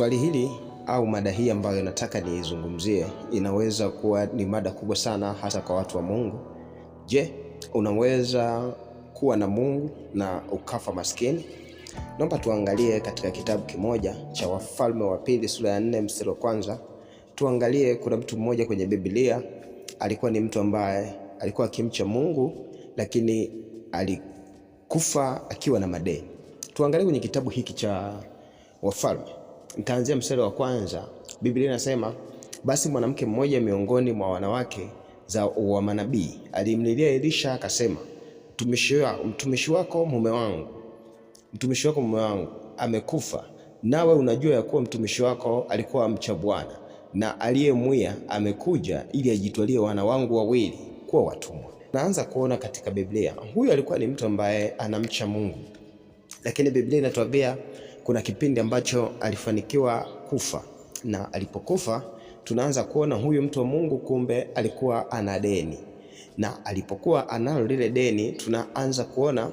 Swali hili au mada hii ambayo nataka niizungumzie inaweza kuwa ni mada kubwa sana, hasa kwa watu wa Mungu. Je, unaweza kuwa na Mungu na ukafa maskini? Naomba tuangalie katika kitabu kimoja cha Wafalme wa Pili sura ya nne mstari wa kwanza. Tuangalie, kuna mtu mmoja kwenye Biblia alikuwa ni mtu ambaye alikuwa akimcha Mungu, lakini alikufa akiwa na madeni. Tuangalie kwenye kitabu hiki cha Wafalme Nitaanzia mstari wa kwanza. Biblia inasema basi mwanamke mmoja miongoni mwa wanawake za wa manabii alimlilia Elisha akasema, mtumishi wako mume wangu, mtumishi wako mume wangu amekufa, nawe unajua ya kuwa mtumishi wako alikuwa mcha Bwana, na aliyemwia amekuja ili ajitwalie wana wangu wawili kuwa watumwa. Naanza kuona katika Biblia huyu alikuwa ni mtu ambaye anamcha Mungu, lakini Biblia inatuambia kuna kipindi ambacho alifanikiwa kufa, na alipokufa tunaanza kuona huyu mtu wa Mungu kumbe alikuwa ana deni, na alipokuwa analo lile deni, tunaanza kuona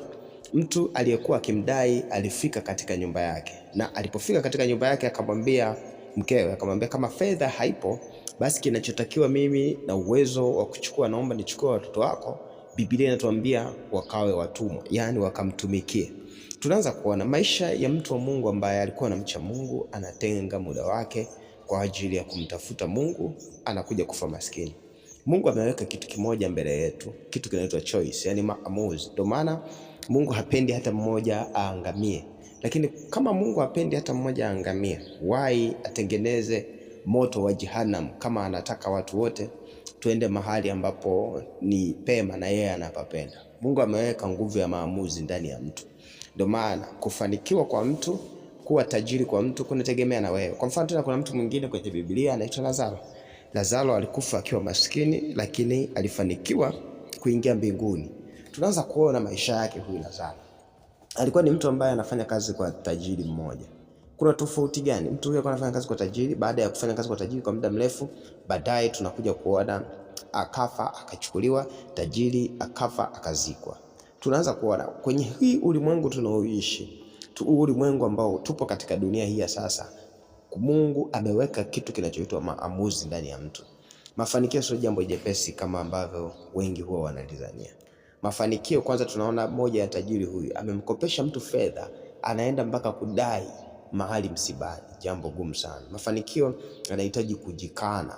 mtu aliyekuwa akimdai alifika katika nyumba yake, na alipofika katika nyumba yake akamwambia mkewe, akamwambia kama fedha haipo, basi kinachotakiwa mimi na uwezo wa kuchukua, naomba nichukue watoto wako. Biblia inatuambia wakawe watumwa, yaani wakamtumikie tunaanza kuona maisha ya mtu wa Mungu ambaye alikuwa anamcha Mungu, anatenga muda wake kwa ajili ya kumtafuta Mungu, anakuja kufa maskini. Mungu ameweka kitu kimoja mbele yetu, kitu kinaitwa choice, yani maamuzi. Ndio maana Mungu hapendi hata mmoja aangamie, lakini kama Mungu hapendi hata mmoja aangamie, wai atengeneze moto wa jehanamu kama anataka watu wote tuende mahali ambapo ni pema na yeye anapapenda. Mungu ameweka nguvu ya maamuzi ndani ya mtu. Ndio maana kufanikiwa kwa mtu, kuwa tajiri kwa mtu kunategemea na wewe. Kwa mfano tena, kuna mtu mwingine kwenye Biblia anaitwa Lazaro. Lazaro alikufa akiwa maskini, lakini alifanikiwa kuingia mbinguni. Tunaanza kuona maisha yake huyu Lazaro. Alikuwa ni mtu ambaye anafanya kazi kwa tajiri mmoja kuna tofauti gani? Mtu huyu anafanya kazi kwa tajiri, baada ya kufanya kazi kwa tajiri kwa muda mrefu, baadaye tunakuja kuona akafa, akachukuliwa tajiri, akafa, akazikwa. Tunaanza kuona kwenye hii ulimwengu tunaoishi tu, ulimwengu ambao tupo katika dunia hii ya sasa, Mungu ameweka kitu kinachoitwa maamuzi ndani ya mtu. Mafanikio sio jambo jepesi kama ambavyo wengi huwa wanalizania. Mafanikio kwanza, tunaona moja ya tajiri huyu amemkopesha mtu fedha, anaenda mpaka kudai mahali msibani, jambo gumu sana. Mafanikio yanahitaji kujikana.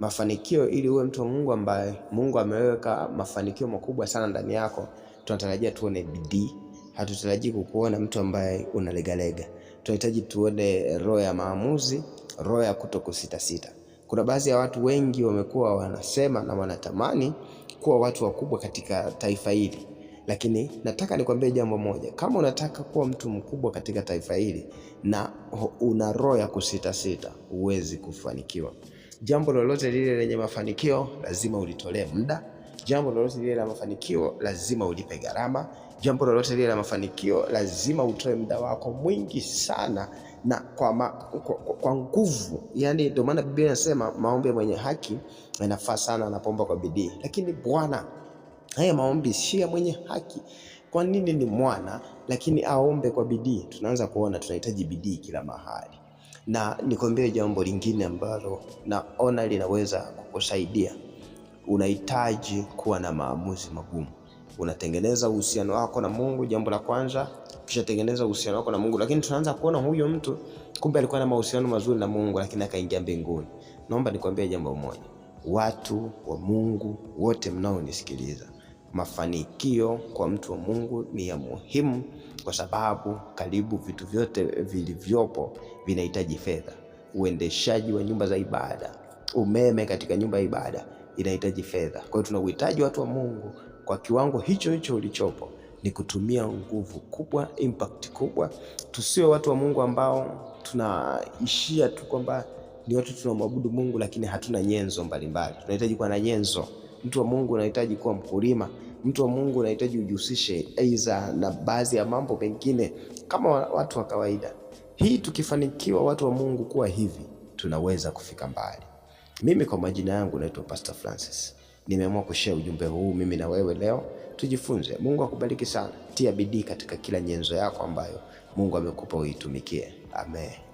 Mafanikio ili uwe mtu wa Mungu ambaye Mungu ameweka mafanikio makubwa sana ndani yako, tunatarajia tuone bidii, hatutarajii kukuona mtu ambaye unalegalega. Tunahitaji tuone roho ya maamuzi, roho ya kutokusitasita. Kuna baadhi ya watu wengi wamekuwa wanasema na wanatamani kuwa watu wakubwa katika taifa hili lakini nataka nikwambie jambo moja, kama unataka kuwa mtu mkubwa katika taifa hili na una roho ya kusitasita, huwezi kufanikiwa. Jambo lolote lile lenye mafanikio lazima ulitolee muda. Jambo lolote lile la mafanikio lazima ulipe gharama. Jambo lolote lile la mafanikio lazima utoe muda wako mwingi sana na kwa, ma, kwa, kwa nguvu. Yani ndio maana Biblia inasema maombi ya mwenye haki yanafaa sana anapomba kwa bidii, lakini Bwana haya maombi ya mwenye haki. Kwa nini ni mwana lakini aombe kwa bidii? Tunaanza kuona tunahitaji bidii kila mahali, na nikwambie jambo lingine ambalo naona linaweza kukusaidia. Unahitaji kuwa na maamuzi magumu. Unatengeneza uhusiano wako na Mungu, jambo la kwanza, kisha tengeneza uhusiano wako na Mungu. Lakini tunaanza kuona huyo mtu kumbe alikuwa na mahusiano mazuri na Mungu, lakini akaingia mbinguni. Naomba nikwambie jambo moja, watu wa Mungu wote mnaonisikiliza Mafanikio kwa mtu wa Mungu ni ya muhimu, kwa sababu karibu vitu vyote vilivyopo vinahitaji fedha. Uendeshaji wa nyumba za ibada, umeme katika nyumba ya ibada inahitaji fedha. Kwa hiyo tuna uhitaji watu wa Mungu kwa kiwango hicho hicho ulichopo, ni kutumia nguvu kubwa, impact kubwa. Tusiwe watu wa Mungu ambao tunaishia tu kwamba ni watu tunamwabudu Mungu, lakini hatuna nyenzo mbalimbali. Tunahitaji kuwa na nyenzo. Mtu wa Mungu unahitaji kuwa mkulima. Mtu wa Mungu unahitaji ujihusishe aidha na baadhi ya mambo mengine kama watu wa kawaida. Hii tukifanikiwa watu wa Mungu kuwa hivi, tunaweza kufika mbali. Mimi kwa majina yangu naitwa Pastor Francis. Nimeamua kushare ujumbe huu mimi na wewe leo, tujifunze. Mungu akubariki sana, tia bidii katika kila nyenzo yako ambayo Mungu amekupa uitumikie. Amen.